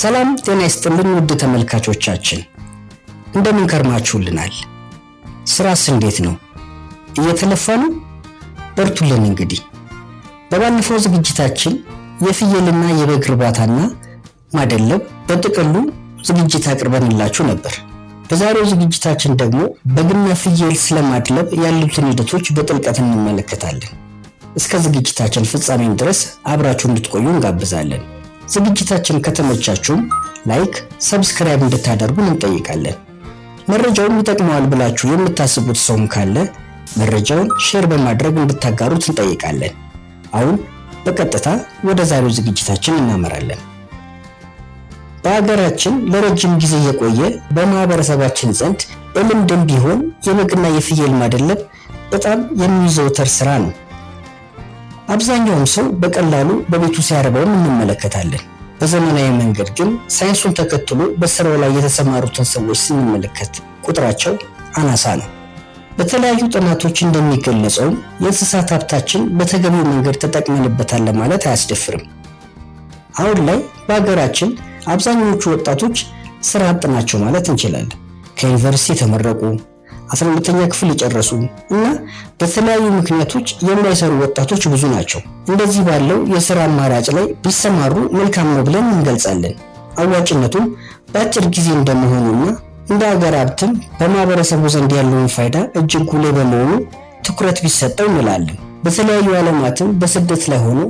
ሰላም ጤና ይስጥልን ውድ ተመልካቾቻችን፣ እንደምን ከርማችሁልናል? ስራስ እንዴት ነው? እየተለፋ ነው? በርቱልን። እንግዲህ በባለፈው ዝግጅታችን የፍየልና የበግ እርባታና ማደለብ በጥቅሉ ዝግጅት አቅርበንላችሁ ነበር። በዛሬው ዝግጅታችን ደግሞ በግና ፍየል ስለማድለብ ያሉትን ሂደቶች በጥልቀት እንመለከታለን። እስከ ዝግጅታችን ፍጻሜም ድረስ አብራችሁ እንድትቆዩ እንጋብዛለን። ዝግጅታችን ከተመቻችሁም ላይክ፣ ሰብስክራይብ እንድታደርጉን እንጠይቃለን። መረጃውን ይጠቅመዋል ብላችሁ የምታስቡት ሰውም ካለ መረጃውን ሼር በማድረግ እንድታጋሩት እንጠይቃለን። አሁን በቀጥታ ወደ ዛሬው ዝግጅታችን እናመራለን። በሀገራችን ለረጅም ጊዜ የቆየ በማህበረሰባችን ዘንድ በልምድም ቢሆን የበግና የፍየል ማደለብ በጣም የሚዘወተር ስራ ነው። አብዛኛውም ሰው በቀላሉ በቤቱ ሲያረባውም እንመለከታለን። በዘመናዊ መንገድ ግን ሳይንሱን ተከትሎ በስራው ላይ የተሰማሩትን ሰዎች ስንመለከት ቁጥራቸው አናሳ ነው። በተለያዩ ጥናቶች እንደሚገለጸው የእንስሳት ሀብታችን በተገቢው መንገድ ተጠቅመንበታል ለማለት አያስደፍርም። አሁን ላይ በሀገራችን አብዛኛዎቹ ወጣቶች ስራ አጥ ናቸው ማለት እንችላለን። ከዩኒቨርሲቲ የተመረቁ 12 ክፍል የጨረሱ እና በተለያዩ ምክንያቶች የማይሰሩ ወጣቶች ብዙ ናቸው። እንደዚህ ባለው የስራ አማራጭ ላይ ቢሰማሩ መልካም ነው ብለን እንገልጻለን። አዋጭነቱም በአጭር ጊዜ እንደመሆኑና እንደ ሀገር ሀብትም በማህበረሰቡ ዘንድ ያለውን ፋይዳ እጅግ ጉልህ በመሆኑ ትኩረት ቢሰጠው እንላለን። በተለያዩ ዓለማትም በስደት ላይ ሆኖ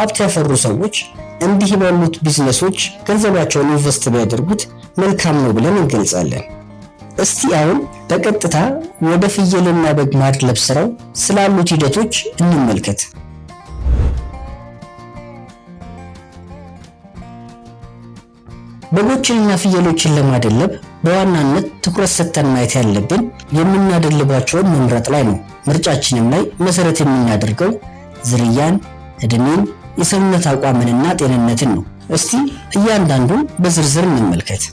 ሀብት ያፈሩ ሰዎች እንዲህ ባሉት ቢዝነሶች ገንዘባቸውን ኢንቨስት ቢያደርጉት መልካም ነው ብለን እንገልጻለን። እስቲ አሁን በቀጥታ ወደ ፍየልና በግ ማድለብ ስራው ስላሉት ሂደቶች እንመልከት። በጎችንና ፍየሎችን ለማደለብ በዋናነት ትኩረት ሰጥተን ማየት ያለብን የምናደልባቸውን መምረጥ ላይ ነው። ምርጫችንም ላይ መሰረት የምናደርገው ዝርያን፣ እድሜን፣ የሰውነት አቋምንና ጤንነትን ነው። እስቲ እያንዳንዱን በዝርዝር እንመልከት።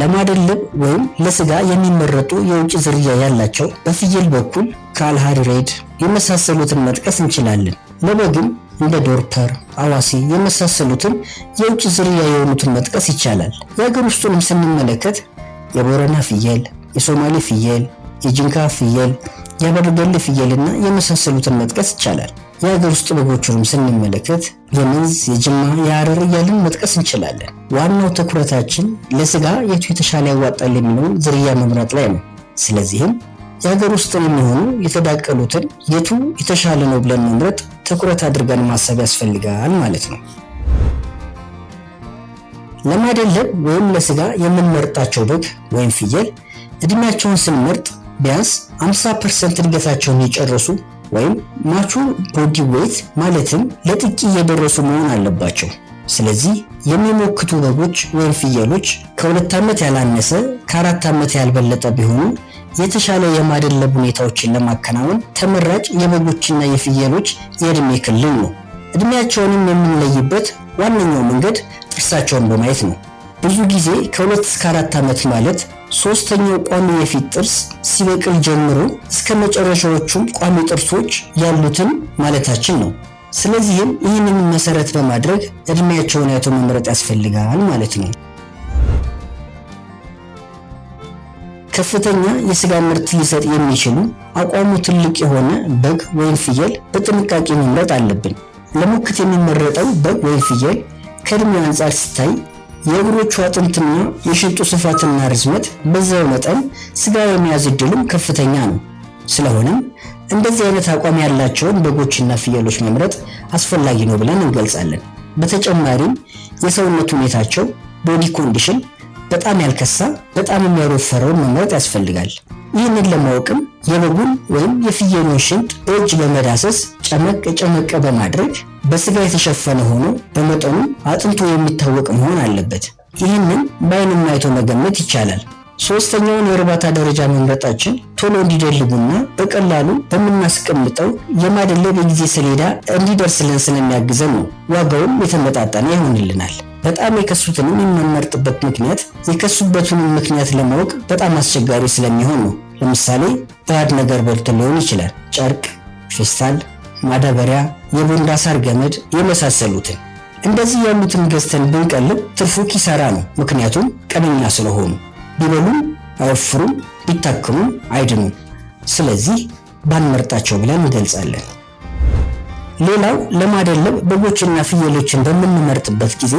ለማደለብ ወይም ለስጋ የሚመረጡ የውጭ ዝርያ ያላቸው በፍየል በኩል ሬድ የመሳሰሉትን መጥቀስ እንችላለን። ለበግም እንደ ዶርፐር፣ አዋሲ የመሳሰሉትን የውጭ ዝርያ የሆኑትን መጥቀስ ይቻላል። የሀገር ውስጡንም ስንመለከት የቦረና ፍየል፣ የሶማሌ ፍየል፣ የጅንካ ፍየል፣ የአበርገሌ ፍየልና የመሳሰሉትን መጥቀስ ይቻላል። የሀገር ውስጥ በጎቹንም ስንመለከት የመንዝ፣ የጅማ፣ የሀረር እያልን መጥቀስ እንችላለን። ዋናው ትኩረታችን ለስጋ የቱ የተሻለ ያዋጣል የሚለውን ዝርያ መምረጥ ላይ ነው። ስለዚህም የሀገር ውስጥን የሚሆኑ የተዳቀሉትን የቱ የተሻለ ነው ብለን መምረጥ ትኩረት አድርገን ማሰብ ያስፈልጋል ማለት ነው። ለማደለብ ወይም ለስጋ የምንመርጣቸው በግ ወይም ፍየል እድሜያቸውን ስንመርጥ ቢያንስ 50 ፐርሰንት እድገታቸውን የጨረሱ ወይም ማቹር ቦዲ ዌት ማለትም ለጥቂ እየደረሱ መሆን አለባቸው። ስለዚህ የሚሞክቱ በጎች ወይም ፍየሎች ከሁለት ዓመት ያላነሰ ከአራት ዓመት ያልበለጠ ቢሆኑ የተሻለ የማደለብ ሁኔታዎችን ለማከናወን ተመራጭ የበጎችና የፍየሎች የዕድሜ ክልል ነው። እድሜያቸውንም የምንለይበት ዋነኛው መንገድ ጥርሳቸውን በማየት ነው። ብዙ ጊዜ ከሁለት እስከ አራት ዓመት ማለት ሶስተኛው ቋሚ የፊት ጥርስ ሲበቅል ጀምሮ እስከ መጨረሻዎቹም ቋሚ ጥርሶች ያሉትን ማለታችን ነው። ስለዚህም ይህንን መሰረት በማድረግ እድሜያቸውን አይቶ መምረጥ ያስፈልጋል ማለት ነው። ከፍተኛ የስጋ ምርት ሊሰጥ የሚችሉ አቋሙ ትልቅ የሆነ በግ ወይም ፍየል በጥንቃቄ መምረጥ አለብን። ለሙክት የሚመረጠው በግ ወይም ፍየል ከእድሜ አንጻር ሲታይ የእግሮቹ አጥንትና የሽንጡ ስፋትና ርዝመት በዛው መጠን ስጋ የመያዝ እድልም ከፍተኛ ነው። ስለሆነም እንደዚህ አይነት አቋም ያላቸውን በጎችና ፍየሎች መምረጥ አስፈላጊ ነው ብለን እንገልጻለን። በተጨማሪም የሰውነት ሁኔታቸው ቦዲ ኮንዲሽን በጣም ያልከሳ በጣም የሚያልወፈረውን መምረጥ ያስፈልጋል። ይህንን ለማወቅም የበጉን ወይም የፍየሉን ሽንጥ እጅ በመዳሰስ ጨመቅ ጨመቀ በማድረግ በስጋ የተሸፈነ ሆኖ በመጠኑ አጥንቶ የሚታወቅ መሆን አለበት። ይህንን በአይን ማይቶ መገመት ይቻላል። ሶስተኛውን የእርባታ ደረጃ መምረጣችን ቶሎ እንዲደልቡና በቀላሉ በምናስቀምጠው የማደለብ የጊዜ ሰሌዳ እንዲደርስልን ስለሚያግዘን ነው። ዋጋውም የተመጣጠነ ይሆንልናል። በጣም የከሱትን የምንመርጥበት ምክንያት የከሱበትንም ምክንያት ለማወቅ በጣም አስቸጋሪ ስለሚሆን ነው። ለምሳሌ ባዕድ ነገር በልቶ ሊሆን ይችላል። ጨርቅ፣ ፌስታል፣ ማዳበሪያ፣ የቦንዳ ሳር ገመድ የመሳሰሉትን። እንደዚህ ያሉትን ገዝተን ብንቀልብ ትርፉ ኪሳራ ነው። ምክንያቱም ቀበኛ ስለሆኑ ቢበሉም አይወፍሩም፣ ቢታክሙም አይድኑም። ስለዚህ ባንመርጣቸው ብለን እንገልጻለን። ሌላው ለማደለብ በጎችና ፍየሎችን በምንመርጥበት ጊዜ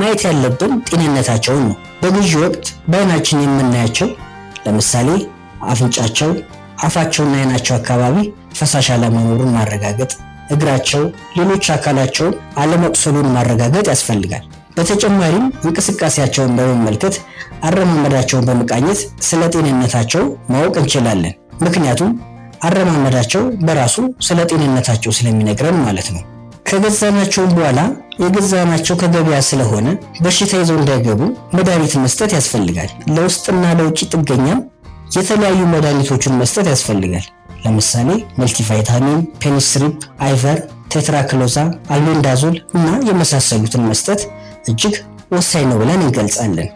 ማየት ያለብን ጤንነታቸውን ነው። በግዢ ወቅት በአይናችን የምናያቸው ለምሳሌ አፍንጫቸው፣ አፋቸውና አይናቸው አካባቢ ፈሳሽ አለመኖሩን ማረጋገጥ፣ እግራቸው፣ ሌሎች አካላቸውን አለመቁሰሉን ማረጋገጥ ያስፈልጋል። በተጨማሪም እንቅስቃሴያቸውን በመመልከት አረማመዳቸውን በመቃኘት ስለ ጤንነታቸው ማወቅ እንችላለን። ምክንያቱም አረማመዳቸው በራሱ ስለ ጤንነታቸው ስለሚነግረን ማለት ነው። ከገዛናቸውም በኋላ የገዛናቸው ከገበያ ስለሆነ በሽታ ይዘው እንዳይገቡ መድኃኒት መስጠት ያስፈልጋል። ለውስጥና ለውጭ ጥገኛ የተለያዩ መድኃኒቶችን መስጠት ያስፈልጋል። ለምሳሌ መልቲቫይታሚን፣ ፔኒስሪፕ፣ አይቨር፣ ቴትራክሎዛ፣ አልቤንዳዞል እና የመሳሰሉትን መስጠት እጅግ ወሳኝ ነው ብለን እንገልጻለን።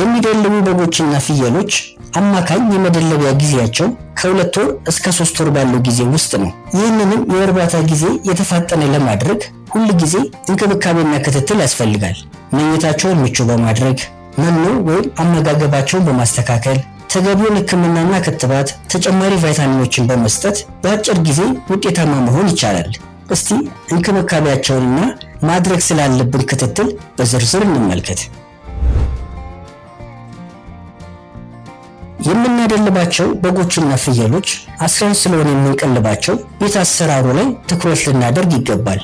የሚደልቡ በጎችና ፍየሎች አማካኝ የመደለቢያ ጊዜያቸው ከሁለት ወር እስከ ሶስት ወር ባለው ጊዜ ውስጥ ነው። ይህንንም የእርባታ ጊዜ የተፋጠነ ለማድረግ ሁል ጊዜ እንክብካቤና ክትትል ያስፈልጋል። መኝታቸውን ምቹ በማድረግ መኖ ወይም አመጋገባቸውን በማስተካከል ተገቢውን ሕክምናና ክትባት፣ ተጨማሪ ቫይታሚኖችን በመስጠት በአጭር ጊዜ ውጤታማ መሆን ይቻላል። እስቲ እንክብካቤያቸውንና ማድረግ ስላለብን ክትትል በዝርዝር እንመልከት። የምናደልባቸው በጎችና ፍየሎች አስረን ስለሆነ የምንቀልባቸው ቤት አሰራሩ ላይ ትኩረት ልናደርግ ይገባል።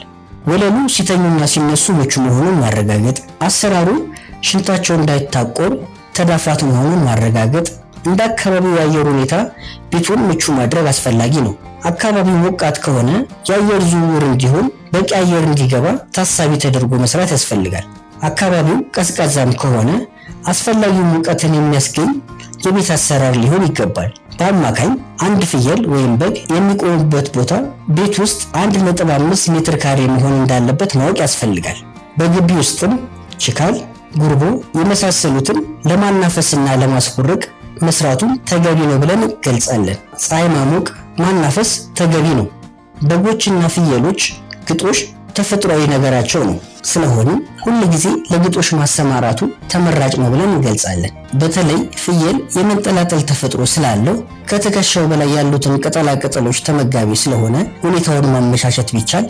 ወለሉ ሲተኙና ሲነሱ ምቹ መሆኑን ማረጋገጥ፣ አሰራሩ ሽንታቸው እንዳይታቆር ተዳፋት መሆኑን ማረጋገጥ፣ እንደ አካባቢው የአየር ሁኔታ ቤቱን ምቹ ማድረግ አስፈላጊ ነው። አካባቢው ሞቃት ከሆነ የአየር ዝውውር እንዲሆን በቂ አየር እንዲገባ ታሳቢ ተደርጎ መስራት ያስፈልጋል። አካባቢው ቀዝቃዛም ከሆነ አስፈላጊው ሙቀትን የሚያስገኝ የቤት አሰራር ሊሆን ይገባል። በአማካኝ አንድ ፍየል ወይም በግ የሚቆሙበት ቦታ ቤት ውስጥ አንድ አምስት ሜትር ካሬ መሆን እንዳለበት ማወቅ ያስፈልጋል። በግቢ ውስጥም ችካል፣ ጉርቦ የመሳሰሉትን ለማናፈስና ለማስቆረቅ መስራቱን ተገቢ ነው ብለን ገልጻለን። ፀሐይ ማሞቅ፣ ማናፈስ ተገቢ ነው። በጎችና ፍየሎች ግጦሽ ተፈጥሯዊ ነገራቸው ነው። ስለሆነም ሁል ጊዜ ለግጦሽ ማሰማራቱ ተመራጭ ነው ብለን እንገልጻለን። በተለይ ፍየል የመንጠላጠል ተፈጥሮ ስላለው ከትከሻው በላይ ያሉትን ቅጠላ ቅጠሎች ተመጋቢ ስለሆነ ሁኔታውን ማመቻቸት ቢቻል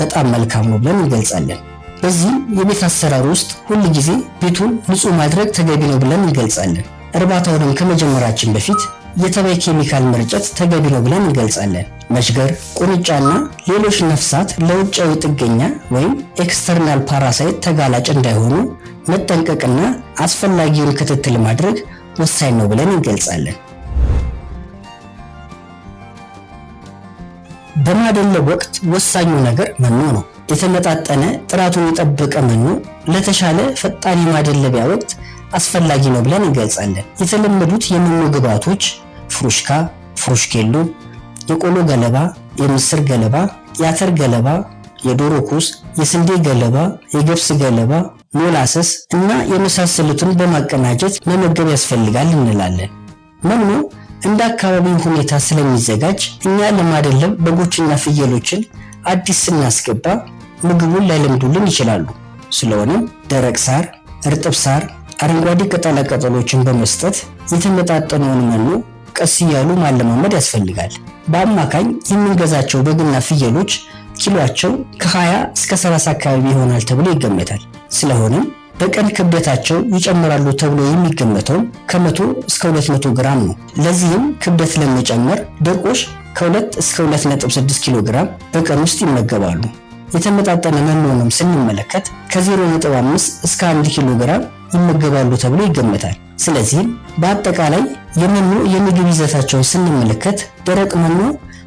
በጣም መልካም ነው ብለን እንገልጻለን። በዚህም የቤት አሰራር ውስጥ ሁል ጊዜ ቤቱን ንጹህ ማድረግ ተገቢ ነው ብለን እንገልጻለን። እርባታውንም ከመጀመራችን በፊት የተባይ ኬሚካል መርጨት ተገቢ ነው ብለን እንገልጻለን። መሽገር፣ ቁንጫና ሌሎች ነፍሳት ለውጫዊ ጥገኛ ወይም ኤክስተርናል ፓራሳይት ተጋላጭ እንዳይሆኑ መጠንቀቅና አስፈላጊውን ክትትል ማድረግ ወሳኝ ነው ብለን እንገልጻለን። በማደለብ ወቅት ወሳኙ ነገር መኖ ነው። የተመጣጠነ ጥራቱን የጠበቀ መኖ ለተሻለ ፈጣን የማደለቢያ ወቅት አስፈላጊ ነው ብለን እንገልጻለን። የተለመዱት የመኖ ግብዓቶች ፍሩሽካ፣ ፍሩሽኬሎ፣ የቆሎ ገለባ፣ የምስር ገለባ፣ የአተር ገለባ፣ የዶሮ ኩስ፣ የስንዴ ገለባ፣ የገብስ ገለባ፣ ሞላሰስ እና የመሳሰሉትን በማቀናጀት መመገብ ያስፈልጋል እንላለን። መኖ እንደ አካባቢ ሁኔታ ስለሚዘጋጅ እኛ ለማደለብ በጎችና ፍየሎችን አዲስ ስናስገባ ምግቡን ላይለምዱልን ይችላሉ። ስለሆነም ደረቅ ሳር፣ እርጥብ ሳር፣ አረንጓዴ ቅጠላቅጠሎችን በመስጠት የተመጣጠነውን መኖ ቀስ እያሉ ማለማመድ ያስፈልጋል። በአማካኝ የምንገዛቸው በግና ፍየሎች ኪሏቸው ከ20 እስከ 30 አካባቢ ይሆናል ተብሎ ይገመታል። ስለሆነም በቀን ክብደታቸው ይጨምራሉ ተብሎ የሚገመተው ከመቶ እስከ 200 ግራም ነው። ለዚህም ክብደት ለመጨመር ድርቆሽ ከ2 እስከ 2.6 ኪሎ ግራም በቀን ውስጥ ይመገባሉ። የተመጣጠነ መኖንም ስንመለከት ከ0.5 እስከ 1 ኪሎ ግራም ይመገባሉ ተብሎ ይገመታል። ስለዚህም በአጠቃላይ የመኖ የምግብ ይዘታቸውን ስንመለከት ደረቅ መኖ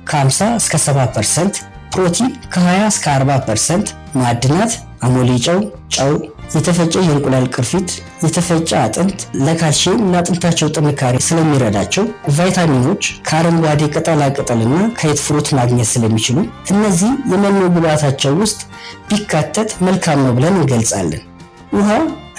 ከ50 እስከ 70 ፐርሰንት፣ ፕሮቲን ከ20 እስከ 40 ፐርሰንት፣ ማዕድናት አሞሌ ጨው፣ ጨው፣ የተፈጨ የእንቁላል ቅርፊት፣ የተፈጨ አጥንት ለካልሲየም ለአጥንታቸው ጥንካሬ ስለሚረዳቸው፣ ቫይታሚኖች ከአረንጓዴ ቅጠላ ቅጠልና ከየት ፍሩት ማግኘት ስለሚችሉ እነዚህ የመኖ ግብዓታቸው ውስጥ ቢካተት መልካም ነው ብለን እንገልጻለን። ውሃ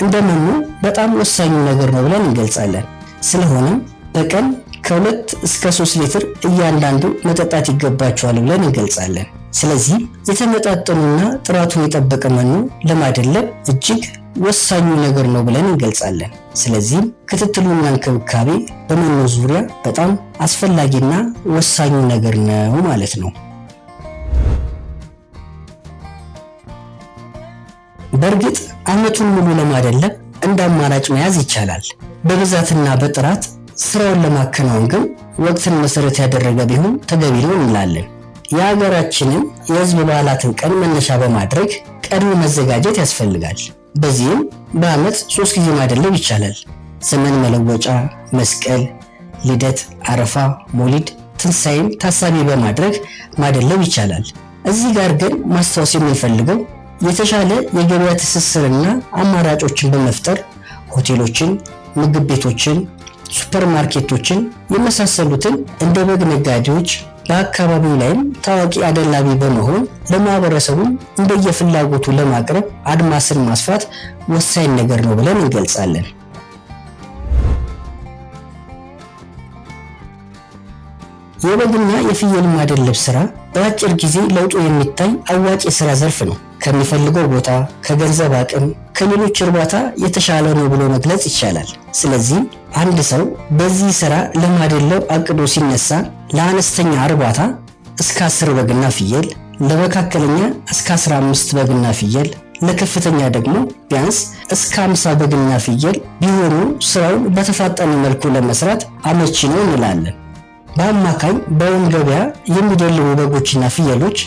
እንደመኑ በጣም ወሳኙ ነገር ነው ብለን እንገልጻለን። ስለሆነም በቀን ከሁለት እስከ ሶስት ሊትር እያንዳንዱ መጠጣት ይገባቸዋል ብለን እንገልጻለን። ስለዚህ የተመጣጠኑና ጥራቱን የጠበቀ መኖ ለማደለብ እጅግ ወሳኙ ነገር ነው ብለን እንገልጻለን። ስለዚህም ክትትሉና እንክብካቤ በመኖ ዙሪያ በጣም አስፈላጊና ወሳኙ ነገር ነው ማለት ነው። በእርግጥ አመቱን ሙሉ ለማደለብ እንደ አማራጭ መያዝ ይቻላል። በብዛትና በጥራት ስራውን ለማከናወን ግን ወቅትን መሰረት ያደረገ ቢሆን ተገቢ ነው እንላለን። የሀገራችንን የህዝብ በዓላትን ቀን መነሻ በማድረግ ቀድሞ መዘጋጀት ያስፈልጋል። በዚህም በአመት ሶስት ጊዜ ማደለብ ይቻላል። ዘመን መለወጫ፣ መስቀል፣ ልደት፣ አረፋ፣ ሞሊድ፣ ትንሣኤን ታሳቢ በማድረግ ማደለብ ይቻላል። እዚህ ጋር ግን ማስታወስ የምንፈልገው የተሻለ የገበያ ትስስርና አማራጮችን በመፍጠር ሆቴሎችን፣ ምግብ ቤቶችን፣ ሱፐርማርኬቶችን የመሳሰሉትን እንደ በግ ነጋዴዎች በአካባቢው ላይም ታዋቂ አደላቢ በመሆን ለማህበረሰቡም እንደየፍላጎቱ ለማቅረብ አድማስን ማስፋት ወሳኝ ነገር ነው ብለን እንገልጻለን። የበግና የፍየል ማደለብ ስራ በአጭር ጊዜ ለውጡ የሚታይ አዋጭ የስራ ዘርፍ ነው። ከሚፈልገው ቦታ፣ ከገንዘብ አቅም፣ ከሌሎች እርባታ የተሻለ ነው ብሎ መግለጽ ይቻላል። ስለዚህ አንድ ሰው በዚህ ስራ ለማደለብ አቅዶ ሲነሳ ለአነስተኛ እርባታ እስከ 10 በግና ፍየል፣ ለመካከለኛ እስከ 15 በግና ፍየል፣ ለከፍተኛ ደግሞ ቢያንስ እስከ 50 በግና ፍየል ቢሆኑ ስራውን በተፋጠነ መልኩ ለመስራት አመቺ ነው እንላለን። በአማካኝ በወን ገበያ የሚደልቡ በጎችና ፍየሎች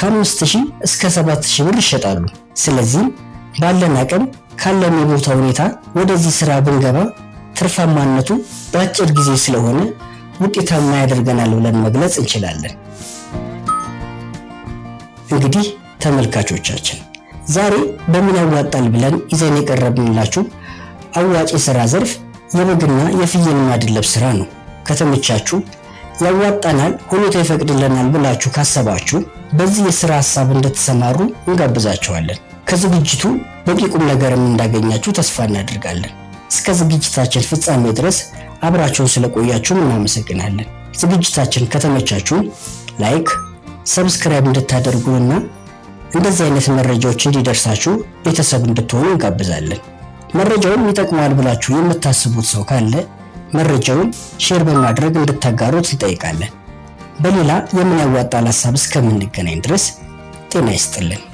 ከአምስት ሺህ እስከ ሰባት ሺህ ብር ይሸጣሉ። ስለዚህም ባለን አቅም ካለን የቦታ ሁኔታ ወደዚህ ስራ ብንገባ ትርፋማነቱ በአጭር ጊዜ ስለሆነ ውጤታማ ያደርገናል ብለን መግለጽ እንችላለን። እንግዲህ ተመልካቾቻችን ዛሬ በምን ያዋጣል ብለን ይዘን የቀረብንላችሁ አዋጭ ስራ ዘርፍ የበግና የፍየል ማድለብ ስራ ነው። ከተመቻችሁ ያዋጣናል፣ ሁኔታ ይፈቅድልናል ብላችሁ ካሰባችሁ በዚህ የስራ ሀሳብ እንድትሰማሩ እንጋብዛችኋለን። ከዝግጅቱ በቂ ቁም ነገርም እንዳገኛችሁ ተስፋ እናደርጋለን። እስከ ዝግጅታችን ፍጻሜ ድረስ አብራችሁን ስለቆያችሁም እናመሰግናለን። ዝግጅታችን ከተመቻችሁ ላይክ፣ ሰብስክራይብ እንድታደርጉንና እንደዚህ አይነት መረጃዎች እንዲደርሳችሁ ቤተሰብ እንድትሆኑ እንጋብዛለን። መረጃውን ይጠቅማል ብላችሁ የምታስቡት ሰው ካለ መረጃውን ሼር በማድረግ እንድታጋሩት እንጠይቃለን። በሌላ የምን ያዋጣል ሀሳብ እስከምንገናኝ ድረስ ጤና ይስጥልን።